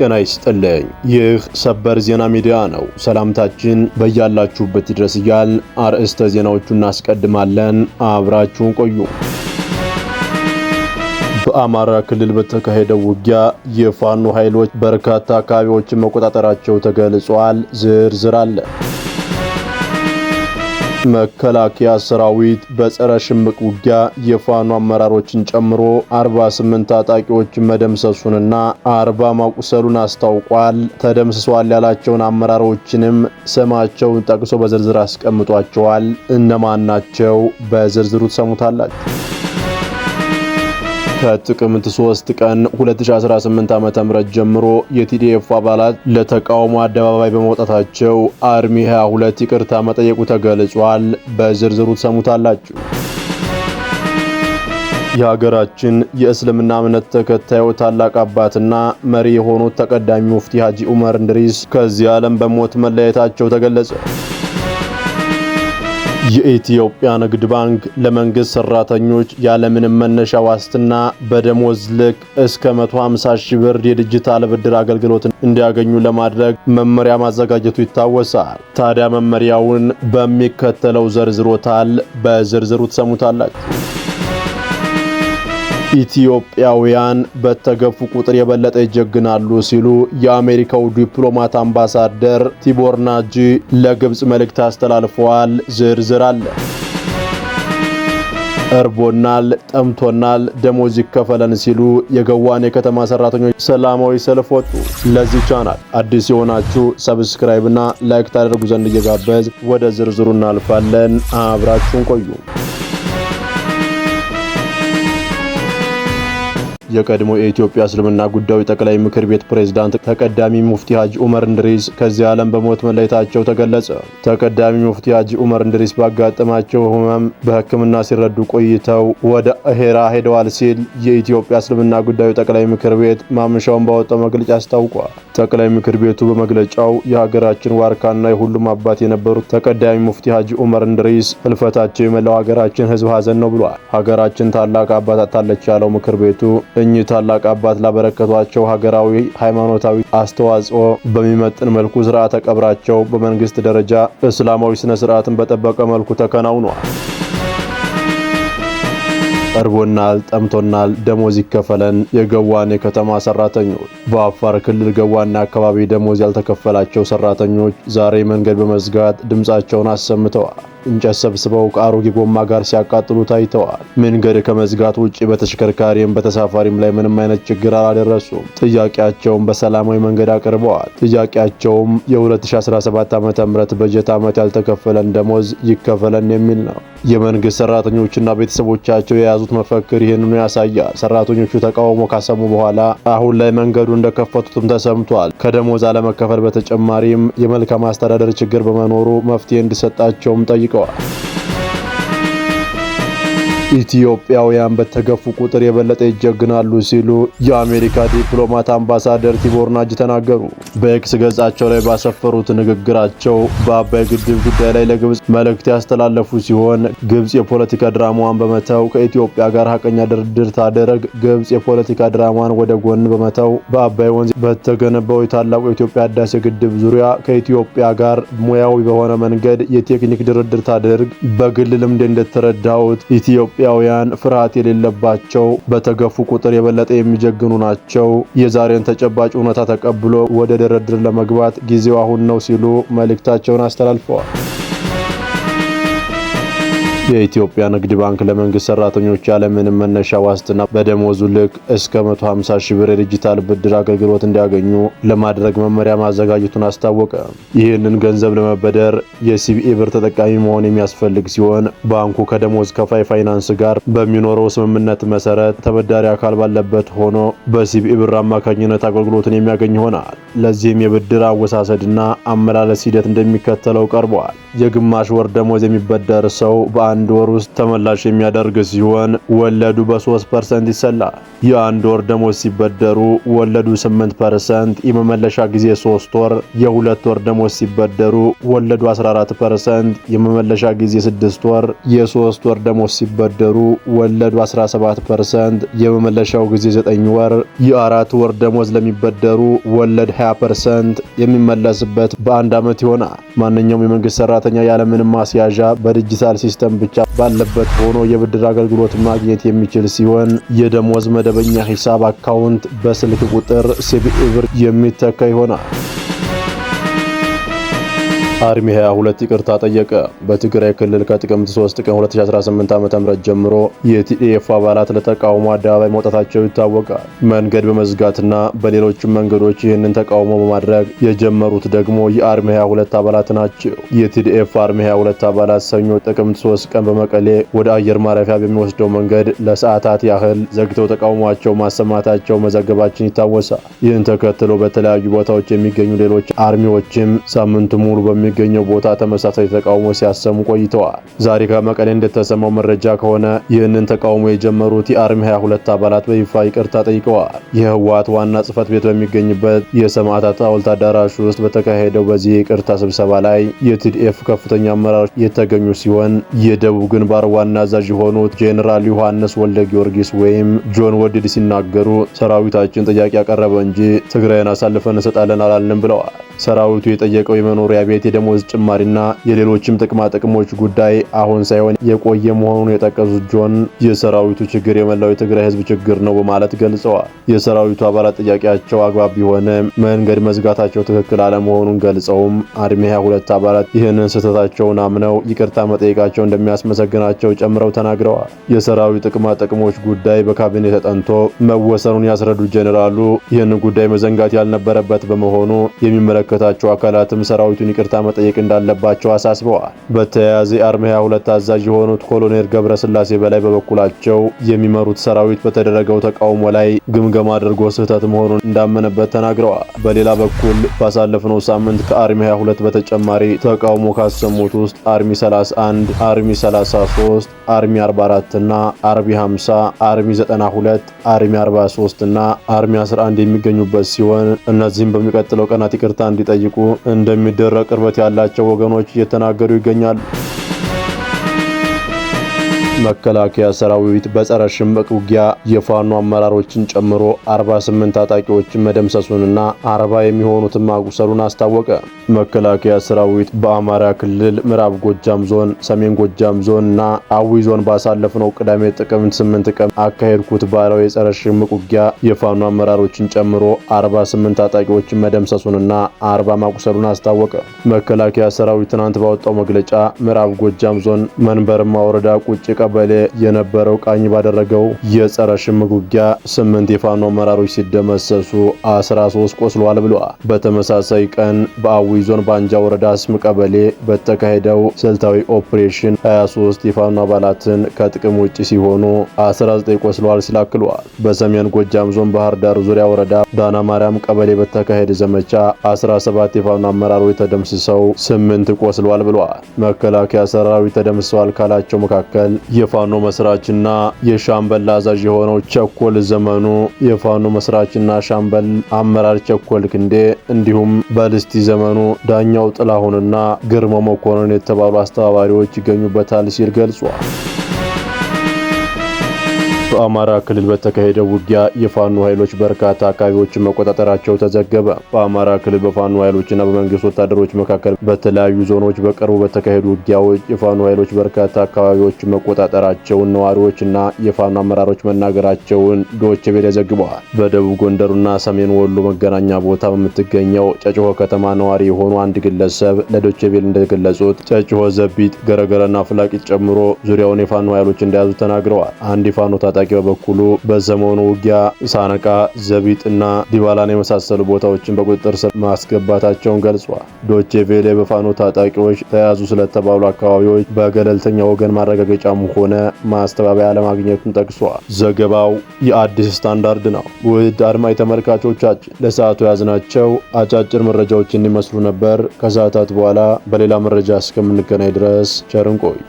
ጤና ይስጥልኝ። ይህ ሰበር ዜና ሚዲያ ነው። ሰላምታችን በያላችሁበት ይድረስ እያል አርዕስተ ዜናዎቹ እናስቀድማለን። አብራችሁን ቆዩ። በአማራ ክልል በተካሄደው ውጊያ የፋኖ ኃይሎች በርካታ አካባቢዎችን መቆጣጠራቸው ተገልጿል። ዝርዝር አለ። መከላከያ ሰራዊት በጸረ ሽምቅ ውጊያ የፋኖ አመራሮችን ጨምሮ 48 ታጣቂዎችን መደምሰሱንና 40 ማቁሰሉን አስታውቋል። ተደምስሷል ያላቸውን አመራሮችንም ስማቸውን ጠቅሶ በዝርዝር አስቀምጧቸዋል። እነማን ናቸው? በዝርዝሩ ትሰሙታላችሁ። ከጥቅምት 3 ቀን 2018 ዓ.ም ጀምሮ የቲዲኤፍ አባላት ለተቃውሞ አደባባይ በመውጣታቸው አርሚ 22 ይቅርታ መጠየቁ ተገልጿል። በዝርዝሩ ትሰሙታላችሁ። የሀገራችን የእስልምና እምነት ተከታዩ ታላቅ አባትና መሪ የሆኑት ተቀዳሚ ሙፍቲ ሀጂ ዑመር እንድሪስ ከዚህ ዓለም በሞት መለየታቸው ተገለጸ። የኢትዮጵያ ንግድ ባንክ ለመንግስት ሰራተኞች ያለምንም መነሻ ዋስትና በደሞዝ ልክ እስከ 150 ሺህ ብር የዲጂታል ብድር አገልግሎት እንዲያገኙ ለማድረግ መመሪያ ማዘጋጀቱ ይታወሳል። ታዲያ መመሪያውን በሚከተለው ዘርዝሮታል። በዝርዝሩ ትሰሙታላችሁ። ኢትዮጵያውያን በተገፉ ቁጥር የበለጠ ይጀግናሉ ሲሉ የአሜሪካው ዲፕሎማት አምባሳደር ቲቦር ናጂ ለግብጽ መልእክት አስተላልፈዋል። ዝርዝር አለ። እርቦናል፣ ጠምቶናል፣ ደሞዝ ይከፈለን ሲሉ የገዋን የከተማ ሰራተኞች ሰላማዊ ሰልፍ ወጡ። ለዚህ ቻናል አዲስ የሆናችሁ እና ላይክ ታደርጉ ዘንድ እየጋበዝ ወደ ዝርዝሩ እናልፋለን። አብራችሁን ቆዩ። የቀድሞ የኢትዮጵያ እስልምና ጉዳዮች ጠቅላይ ምክር ቤት ፕሬዝዳንት ተቀዳሚ ሙፍቲ ሀጂ ኡመር እንድሪስ ከዚህ ዓለም በሞት መለየታቸው ተገለጸ። ተቀዳሚ ሙፍቲ ሀጂ ኡመር እንድሪስ ባጋጠማቸው ህመም በሕክምና ሲረዱ ቆይተው ወደ ሄራ ሄደዋል ሲል የኢትዮጵያ እስልምና ጉዳዮች ጠቅላይ ምክር ቤት ማምሻውን ባወጣው መግለጫ አስታውቋል። ጠቅላይ ምክር ቤቱ በመግለጫው የሀገራችን ዋርካና የሁሉም አባት የነበሩት ተቀዳሚ ሙፍቲ ሀጂ ኡመር እንድሪስ ህልፈታቸው የመላው ሀገራችን ህዝብ ሀዘን ነው ብሏል። ሀገራችን ታላቅ አባት አጣለች ያለው ምክር ቤቱ እኚህ ታላቅ አባት ላበረከቷቸው ሀገራዊ ሃይማኖታዊ አስተዋጽኦ በሚመጥን መልኩ ስርዓተ ቀብራቸው በመንግስት ደረጃ እስላማዊ ስነ ስርዓትን በጠበቀ መልኩ ተከናውኗል። እርቦናል፣ ጠምቶናል፣ ደሞዝ ይከፈለን። የገዋኔ ከተማ ሰራተኞች በአፋር ክልል ገዋኔ አካባቢ ደሞዝ ያልተከፈላቸው ሰራተኞች ዛሬ መንገድ በመዝጋት ድምጻቸውን አሰምተዋል። እንጨት ሰብስበው ከአሮጌ ጎማ ጋር ሲያቃጥሉ ታይተዋል። መንገድ ከመዝጋት ውጭ በተሽከርካሪም በተሳፋሪም ላይ ምንም አይነት ችግር አላደረሱም። ጥያቄያቸውን በሰላማዊ መንገድ አቅርበዋል። ጥያቄያቸውም የ2017 ዓ.ም በጀት ዓመት ያልተከፈለን ደሞዝ ይከፈለን የሚል ነው። የመንግስት ሰራተኞችና ቤተሰቦቻቸው የያዙት መፈክር ይህንኑ ያሳያል። ሰራተኞቹ ተቃውሞ ካሰሙ በኋላ አሁን ላይ መንገዱ እንደከፈቱትም ተሰምቷል። ከደሞዝ አለመከፈል በተጨማሪም የመልካም አስተዳደር ችግር በመኖሩ መፍትሄ እንዲሰጣቸውም ጠይቀዋል። 够了 ኢትዮጵያውያን በተገፉ ቁጥር የበለጠ ይጀግናሉ ሲሉ የአሜሪካ ዲፕሎማት አምባሳደር ቲቦር ናጅ ተናገሩ። በኤክስ ገጻቸው ላይ ባሰፈሩት ንግግራቸው በአባይ ግድብ ጉዳይ ላይ ለግብጽ መልእክት ያስተላለፉ ሲሆን ግብጽ የፖለቲካ ድራማዋን በመተው ከኢትዮጵያ ጋር ሀቀኛ ድርድር ታደረግ። ግብጽ የፖለቲካ ድራማዋን ወደ ጎን በመተው በአባይ ወንዝ በተገነባው የታላቁ የኢትዮጵያ ህዳሴ ግድብ ዙሪያ ከኢትዮጵያ ጋር ሙያዊ በሆነ መንገድ የቴክኒክ ድርድር ታደርግ። በግል ልምድ እንደተረዳሁት ኢትዮጵያ ኢትዮጵያውያን ፍርሃት የሌለባቸው በተገፉ ቁጥር የበለጠ የሚጀግኑ ናቸው። የዛሬን ተጨባጭ እውነታ ተቀብሎ ወደ ድርድር ለመግባት ጊዜው አሁን ነው ሲሉ መልእክታቸውን አስተላልፈዋል። የኢትዮጵያ ንግድ ባንክ ለመንግስት ሰራተኞች ያለምንም መነሻ ዋስትና በደሞዙ ልክ እስከ 150 ሺህ ብር የዲጂታል ብድር አገልግሎት እንዲያገኙ ለማድረግ መመሪያ ማዘጋጀቱን አስታወቀ። ይህንን ገንዘብ ለመበደር የሲቢኢ ብር ተጠቃሚ መሆን የሚያስፈልግ ሲሆን ባንኩ ከደሞዝ ከፋይ ፋይናንስ ጋር በሚኖረው ስምምነት መሰረት ተበዳሪ አካል ባለበት ሆኖ በሲቢኢ ብር አማካኝነት አገልግሎትን የሚያገኝ ይሆናል። ለዚህም የብድር አወሳሰድና አመላለስ ሂደት እንደሚከተለው ቀርበዋል። የግማሽ ወር ደሞዝ የሚበደር ሰው በአንድ በአንድ ወር ውስጥ ተመላሽ የሚያደርግ ሲሆን ወለዱ በ3% ይሰላል። የአንድ ወር ደሞዝ ሲበደሩ ወለዱ 8%፣ የመመለሻ ጊዜ 3 ወር። የሁለት ወር ደሞዝ ሲበደሩ ወለዱ 14%፣ የመመለሻ ጊዜ 6 ወር። የሶስት ወር ደሞዝ ሲበደሩ ወለዱ 17%፣ የመመለሻው ጊዜ 9 ወር። የአራት ወር ደሞዝ ለሚበደሩ ወለድ 20% የሚመለስበት በአንድ ዓመት ይሆናል። ማንኛውም የመንግስት ሰራተኛ ያለምንም ማስያዣ በዲጂታል ሲስተም ብቻ ባለበት ሆኖ የብድር አገልግሎት ማግኘት የሚችል ሲሆን የደሞዝ መደበኛ ሂሳብ አካውንት በስልክ ቁጥር ሲቢኢ ብር የሚተካ ይሆናል። አርሚ 22 ይቅርታ ጠየቀ። በትግራይ ክልል ከጥቅምት 3 ቀን 2018 ዓ.ም ጀምሮ የቲዲኤፍ አባላት ለተቃውሞ አደባባይ መውጣታቸው ይታወቃል። መንገድ በመዝጋትና በሌሎችም መንገዶች ይህንን ተቃውሞ በማድረግ የጀመሩት ደግሞ የአርሚ 22 አባላት ናቸው። የቲዲኤፍ አርሚ 22 አባላት ሰኞ ጥቅምት 3 ቀን በመቀሌ ወደ አየር ማረፊያ በሚወስደው መንገድ ለሰዓታት ያህል ዘግተው ተቃውሟቸው ማሰማታቸው መዘገባችን ይታወሳል። ይህን ተከትሎ በተለያዩ ቦታዎች የሚገኙ ሌሎች አርሚዎችም ሳምንቱ ሙሉ በሚ በሚገኘው ቦታ ተመሳሳይ ተቃውሞ ሲያሰሙ ቆይተዋል። ዛሬ ከመቀሌ እንደተሰማው መረጃ ከሆነ ይህንን ተቃውሞ የጀመሩት የአርሚ 22 አባላት በይፋ ይቅርታ ጠይቀዋል። የህወሓት ዋና ጽህፈት ቤት በሚገኝበት የሰማዕታት ሐውልት አዳራሽ ውስጥ በተካሄደው በዚህ የቅርታ ስብሰባ ላይ የቲዲኤፍ ከፍተኛ አመራሮች የተገኙ ሲሆን የደቡብ ግንባር ዋና አዛዥ የሆኑት ጄኔራል ዮሐንስ ወልደ ጊዮርጊስ ወይም ጆን ወድድ ሲናገሩ ሰራዊታችን ጥያቄ ያቀረበ እንጂ ትግራይን አሳልፈን እንሰጣለን አላልንም ብለዋል። ሰራዊቱ የጠየቀው የመኖሪያ ቤት የደሞዝ ጭማሪና የሌሎችም ጥቅማ ጥቅሞች ጉዳይ አሁን ሳይሆን የቆየ መሆኑን የጠቀሱት ጆን የሰራዊቱ ችግር የመላው የትግራይ ሕዝብ ችግር ነው በማለት ገልጸዋል። የሰራዊቱ አባላት ጥያቄያቸው አግባብ ቢሆነ መንገድ መዝጋታቸው ትክክል አለመሆኑን ገልጸውም አርሚ 22 አባላት ይህንን ስህተታቸውን አምነው ይቅርታ መጠየቃቸው እንደሚያስመሰግናቸው ጨምረው ተናግረዋል። የሰራዊት ጥቅማ ጥቅሞች ጉዳይ በካቢኔ ተጠንቶ መወሰኑን ያስረዱት ጄኔራሉ ይህንን ጉዳይ መዘንጋት ያልነበረበት በመሆኑ የሚመለከ የሚመለከታቸው አካላትም ሰራዊቱን ይቅርታ መጠየቅ እንዳለባቸው አሳስበዋል። በተያያዘ የአርሚ 22 አዛዥ የሆኑት ኮሎኔል ገብረስላሴ በላይ በበኩላቸው የሚመሩት ሰራዊት በተደረገው ተቃውሞ ላይ ግምገማ አድርጎ ስህተት መሆኑን እንዳመነበት ተናግረዋል። በሌላ በኩል ባሳለፍነው ሳምንት ከአርሚ 22 በተጨማሪ ተቃውሞ ካሰሙት ውስጥ አርሚ 31፣ አርሚ 33፣ አርሚ 44 እና አርሚ 50፣ አርሚ 92፣ አርሚ 43 እና አርሚ 11 የሚገኙበት ሲሆን እነዚህም በሚቀጥለው ቀናት ይቅርታ እንዲጠይቁ እንደሚደረግ ቅርበት ያላቸው ወገኖች እየተናገሩ ይገኛሉ። መከላከያ ሰራዊት በጸረ ሽምቅ ውጊያ የፋኖ አመራሮችን ጨምሮ 48 ታጣቂዎችን መደምሰሱንና አርባ የሚሆኑትን ማቁሰሉን አስታወቀ። መከላከያ ሰራዊት በአማራ ክልል ምዕራብ ጎጃም ዞን፣ ሰሜን ጎጃም ዞን እና አዊ ዞን ባሳለፍነው ቅዳሜ ጥቅምት 8 ቀን አካሄድኩት ባለው የጸረ ሽምቅ ውጊያ የፋኖ አመራሮችን ጨምሮ 48 ታጣቂዎችን መደምሰሱንና አርባ ማቁሰሉን አስታወቀ። መከላከያ ሰራዊት ትናንት ባወጣው መግለጫ ምዕራብ ጎጃም ዞን መንበርማ ወረዳ ቁጭ ቀበሌ የነበረው ቃኝ ባደረገው የጸረ ሽምቅ ውጊያ ስምንት የፋኖ አመራሮች ሲደመሰሱ 13 ቆስሏል ብሏል። በተመሳሳይ ቀን በአዊ ዞን ባንጃ ወረዳ አስም ቀበሌ በተካሄደው ስልታዊ ኦፕሬሽን 23 የፋኖ አባላትን ከጥቅም ውጭ ሲሆኑ 19 ቆስለዋል ሲል በሰሜን ጎጃም ዞን ባህር ዳር ዙሪያ ወረዳ ዳና ማርያም ቀበሌ በተካሄደ ዘመቻ 17 የፋኖ አመራሮች ተደምስሰው 8 ቆስለዋል ብሏል። መከላከያ ሰራዊት ተደምስሰዋል ካላቸው መካከል የፋኖ መስራችና የሻምበል አዛዥ የሆነው ቸኮል ዘመኑ፣ የፋኖ መስራችና ሻምበል አመራር ቸኮል ክንዴ እንዲሁም በልስቲ ዘመኑ፣ ዳኛው ጥላሁንና ግርማ መኮንን የተባሉ አስተባባሪዎች ይገኙበታል ሲል ገልጿል። በአማራ ክልል በተካሄደው ውጊያ የፋኖ ኃይሎች በርካታ አካባቢዎችን መቆጣጠራቸው ተዘገበ። በአማራ ክልል በፋኖ ኃይሎችና በመንግስት ወታደሮች መካከል በተለያዩ ዞኖች በቅርቡ በተካሄዱ ውጊያዎች የፋኖ ኃይሎች በርካታ አካባቢዎችን መቆጣጠራቸውን ነዋሪዎችና የፋኖ አመራሮች መናገራቸውን ዶቼ ቬለ ዘግበዋል። በደቡብ ጎንደሩና ሰሜን ወሎ መገናኛ ቦታ በምትገኘው ጨጭሆ ከተማ ነዋሪ የሆኑ አንድ ግለሰብ ለዶቼ ቬለ እንደገለጹት ጨጭሆ፣ ዘቢጥ፣ ገረገረና ፍላቂት ጨምሮ ዙሪያውን የፋኖ ኃይሎች እንደያዙ ተናግረዋል። አንድ የፋኖ ታጣቂ ታጣቂ በበኩሉ በሰሞኑ ውጊያ ሳነቃ፣ እና ዲባላን የመሳሰሉ ቦታዎችን በቁጥጥር ስር ማስገባታቸውን ገልጿል። ዶቼ ቬሌ በፋኖ ታጣቂዎች ተያዙ ስለተባሉ አካባቢዎች በገለልተኛ ወገን ማረጋገጫም ሆነ ማስተባበያ አለማግኘቱን ጠቅሷል። ዘገባው የአዲስ ስታንዳርድ ነው። ውድ አድማጭ ተመልካቾቻችን ለሰዓቱ የያዝናቸው አጫጭር መረጃዎች እንዲመስሉ ነበር። ከሰዓታት በኋላ በሌላ መረጃ እስከምንገናኝ ድረስ ቸርንቆይ